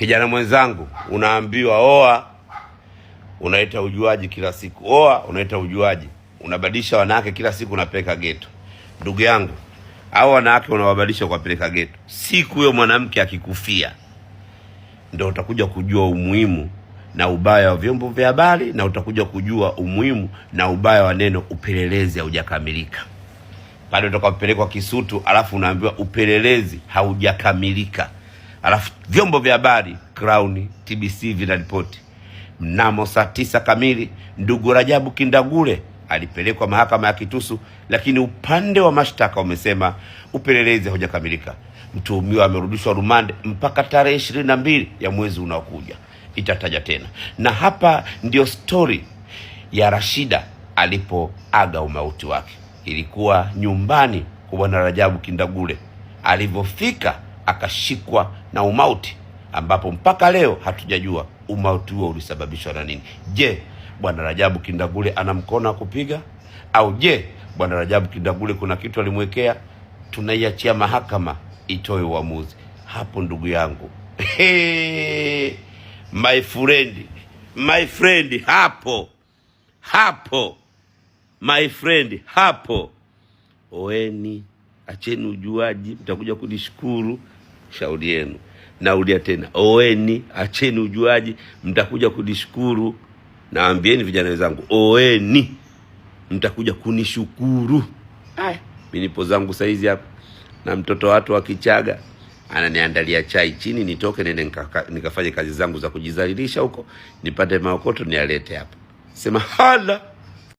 Kijana mwenzangu, unaambiwa oa, unaita ujuaji kila siku, oa, unaita ujuaji, unabadilisha wanawake kila siku, unapeleka geto. Ndugu yangu, au wanawake unawabadilisha kwa geto, siku hiyo mwanamke akikufia, ndo utakuja kujua umuhimu na ubaya wa vyombo vya habari, na utakuja kujua umuhimu na ubaya wa neno upelelezi haujakamilika. Pale utakapopelekwa Kisutu, alafu unaambiwa upelelezi haujakamilika. Alafu vyombo vya habari Crown, TBC vinaripoti mnamo saa tisa kamili ndugu Rajabu Kindagule alipelekwa mahakama ya Kitusu, lakini upande wa mashtaka umesema upelelezi haujakamilika. Mtuhumiwa amerudishwa rumande mpaka tarehe ishirini na mbili ya mwezi unaokuja, itataja tena. Na hapa ndio stori ya Rashida alipoaga umauti wake, ilikuwa nyumbani kwa bwana Rajabu Kindagule. Alivyofika akashikwa na umauti, ambapo mpaka leo hatujajua umauti huo ulisababishwa na nini. Je, bwana Rajabu Kindagule ana mkono wa kupiga au je, bwana Rajabu Kindagule kuna kitu alimwekea? Tunaiachia mahakama itoe uamuzi hapo, ndugu yangu. Hey, my friend, my friend, hapo hapo my friend, hapo oeni, acheni ujuaji, mtakuja kunishukuru shauri yenu. Naudia tena, oeni, acheni ujuaji, mtakuja kunishukuru. Naambieni vijana wenzangu, oeni, mtakuja kunishukuru. Aya, mimi nipo zangu saizi hapa na mtoto watu wa Kichaga ananiandalia chai chini, nitoke nende nikafanye kazi zangu za kujizalilisha huko, nipate maokoto nialete hapa, sema hala